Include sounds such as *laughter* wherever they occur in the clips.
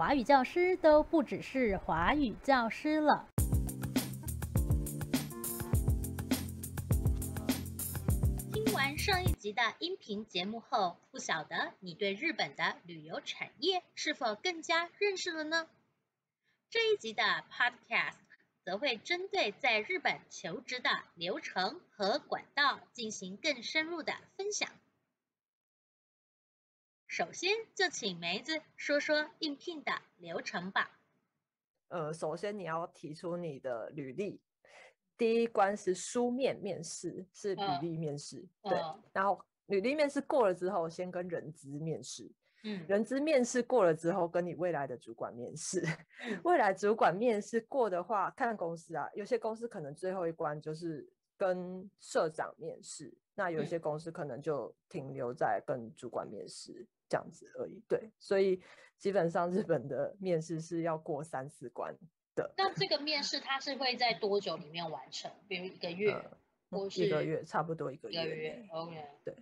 華語教師都不只是華語教師了。聽完上一集的音頻節目後，不曉得你對日本的旅遊產業是否更加認識了呢？這一集的 Podcast 則會針對在日本求職的流程和管道進行更深入的分享。首先就請梅子說說應聘的流程吧。呃，首先你要提出你的履歷，第一關是書面面試，是履歷面試，哦、對、哦。然後履歷面試過了之後，先跟人資面試，嗯，人資面試過了之後，跟你未來的主管面試， *laughs* 未來主管面試過的話，看公司啊，有些公司可能最後一關就是跟社長面試，那有些公司可能就停留在跟主管面試。嗯這樣子而已，對，所以基本上日本的面試是要過三四關的。那這個面試它是會在多久裡面完成？比如一個月，嗯、一個月，差不多一個月。一個月，OK。對，okay.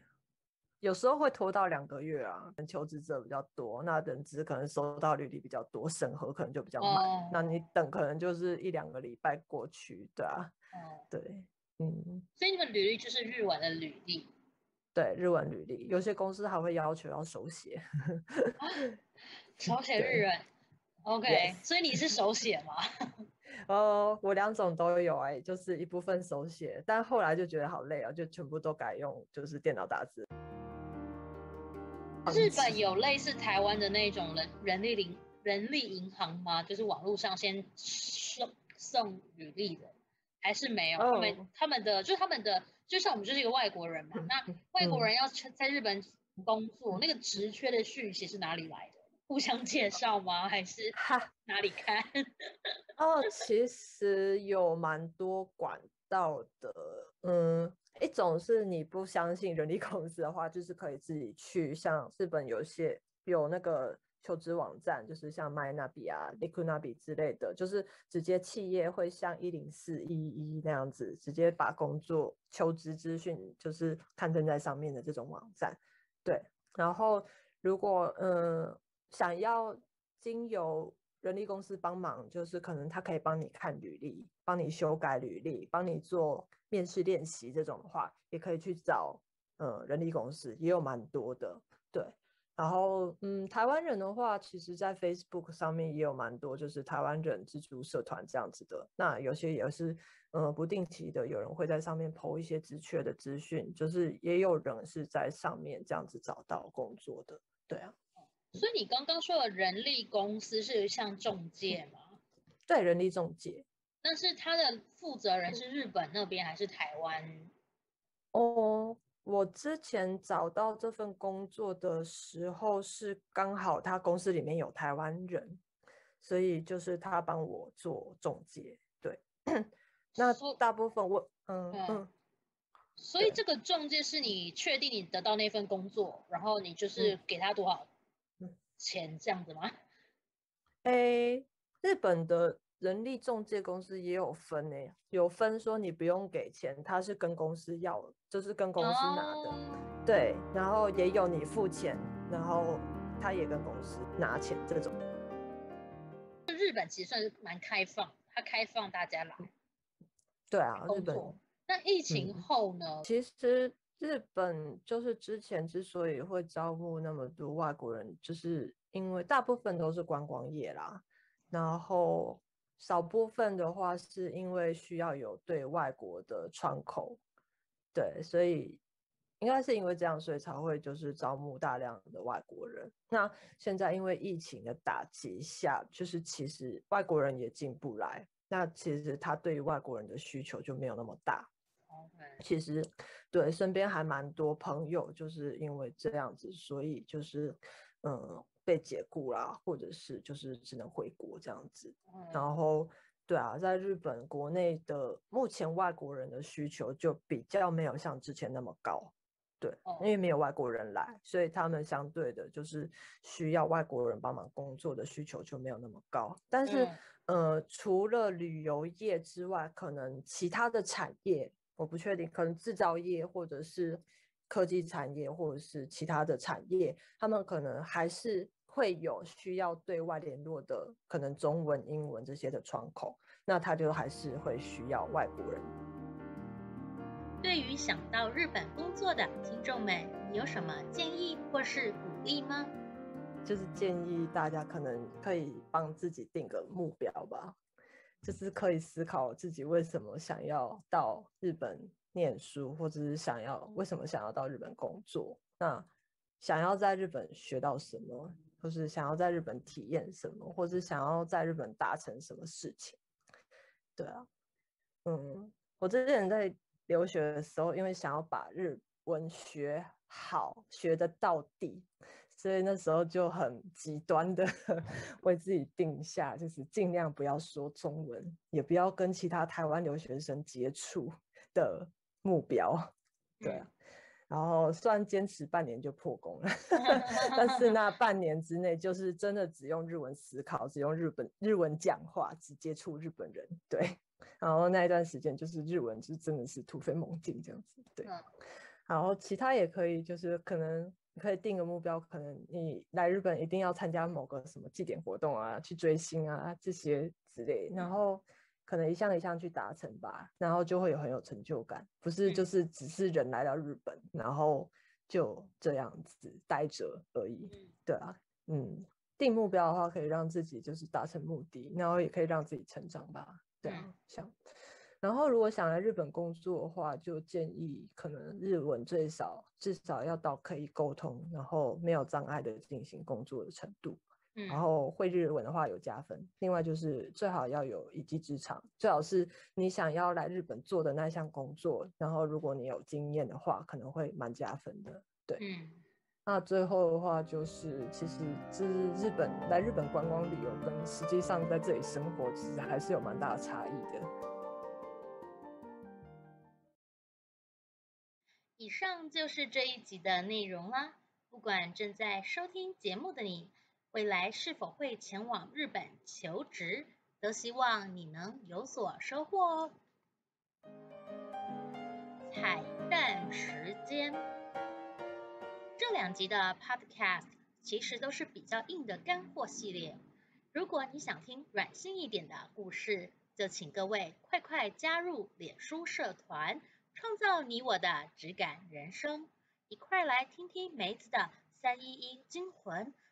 有時候會拖到兩個月啊，求職者比較多，那人資可能收到履歷比較多，審核可能就比較慢，嗯，那你等可能就是一兩個禮拜過去，對啊，嗯，對，嗯。所以你的履歷就是日文的履歷。對，日文履歷，有些公司還會要求要手寫，手寫日文。OK，, okay、yes. 所以你是手寫嗎？哦、 *laughs* oh,，我兩種都有哎、欸，就是一部分手寫，但後來就覺得好累啊，就全部都改用就是電腦打字。日本有類似台灣的那種人人力銀人力銀行嗎？就是網絡上先送送履歷的，還是沒有？Oh. 他們他們的就是他們的。就像我們就是一個外國人嘛，嗯、那外國人要在日本工作，嗯、那個職缺的訊息是哪裡來的？互相介紹嗎、嗯？還是哈哪裡看？ *laughs* 哦，其實有蠻多管道的，嗯，一種是你不相信人力公司的話，就是可以自己去，像日本有些有那個。求職網站就是像 Mynavi 啊、Rikunabi 之類的，就是直接企業會像一零四一一那樣子，直接把工作求職資訊就是刊登在上面的這種網站。對，然後如果嗯想要經由人力公司幫忙，就是可能他可以幫你看履歷、幫你修改履歷、幫你做面試練習這種的話，也可以去找嗯人力公司，也有蠻多的，對。然後，嗯，台灣人的話，其實，在 Facebook 上面也有蠻多，就是台灣人自助社團這樣子的。那有些也是，嗯、呃，不定期的，有人會在上面投一些職缺的資訊，就是也有人是在上面這樣子找到工作的。對啊。所以你剛剛說的人力公司是像仲介嗎？對，人力仲介。但是他的負責人是日本那邊還是台灣？哦、oh.。我之前找到這份工作的時候，是剛好他公司裡面有台灣人，所以就是他幫我做中介。對， *coughs* 那大部分我嗯嗯，所以這個中介是你確定你得到那份工作，然後你就是給他多少錢、嗯嗯、這樣子嗎？誒，日本的。人力中介公司也有分呢、欸，有分說你不用給錢，他是跟公司要，就是跟公司拿的，oh. 對。然後也有你付錢，然後他也跟公司拿錢這種。日本其實算是蠻開放，他開放大家來。對啊，日本。那疫情後呢、嗯？其實日本就是之前之所以會招募那麼多外國人，就是因為大部分都是觀光業啦，然後。少部分的話，是因為需要有對外國的窗口，對，所以應該是因為這樣，所以才會就是招募大量的外國人。那現在因為疫情的打擊下，就是其實外國人也進不來，那其實他對於外國人的需求就沒有那麼大。Okay. 其實，對，身邊還蠻多朋友就是因為這樣子，所以就是嗯。被解僱啦、啊，或者是就是只能回國這樣子。然後，對啊，在日本國內的目前外國人的需求就比較沒有像之前那麼高，對、哦，因為沒有外國人來，所以他們相對的就是需要外國人幫忙工作的需求就沒有那麼高。但是，嗯、呃，除了旅遊業之外，可能其他的產業我不確定，可能製造業或者是科技產業或者是其他的產業，他們可能還是。會有需要對外聯絡的可能，中文、英文這些的窗口，那他就還是會需要外國人。對於想到日本工作的聽眾們，你有什麼建議或是鼓勵嗎？就是建議大家可能可以幫自己定個目標吧，就是可以思考自己為什麼想要到日本念書，或者是想要為什麼想要到日本工作，那想要在日本學到什麼？就是想要在日本體驗什麼，或是想要在日本達成什麼事情，對啊，嗯，我之前在留學的時候，因為想要把日文學好，學得到底，所以那時候就很極端的 *laughs* 為自己定下，就是儘量不要說中文，也不要跟其他台灣留學生接觸的目標，對啊。對然後算堅持半年就破功了， *laughs* 但是那半年之內就是真的只用日文思考，只用日本日文講話，只接觸日本人，對。然後那一段時間就是日文就真的是突飛猛進這樣子，對。嗯、然後其他也可以，就是可能你可以定個目標，可能你來日本一定要參加某個什麼祭典活動啊，去追星啊這些之類，然後。可能一項一項去達成吧，然後就會有很有成就感，不是就是只是人來到日本，然後就這樣子待著而已，對啊，嗯，定目標的話可以讓自己就是達成目的，然後也可以讓自己成長吧，對啊，想，然後如果想來日本工作的話，就建議可能日文最少至少要到可以溝通，然後沒有障礙的進行工作的程度。然後會日文的話有加分，另外就是最好要有一技之長，最好是你想要來日本做的那項工作，然後如果你有經驗的話，可能會蠻加分的。對，嗯，那最後的話就是，其實這是日本來日本觀光旅遊跟實際上在這裡生活其實還是有蠻大的差異的。嗯。以上就是這一集的內容啦，不管正在收聽節目的你，未來是否會前往日本求職，都希望你能有所收穫哦。彩蛋時間，這兩集的 podcast 其實都是比較硬的乾貨系列。如果你想聽軟性一點的故事，就請各位快快加入臉書社團，創造你我的質感人生，一塊來聽聽梅子的三一一驚魂。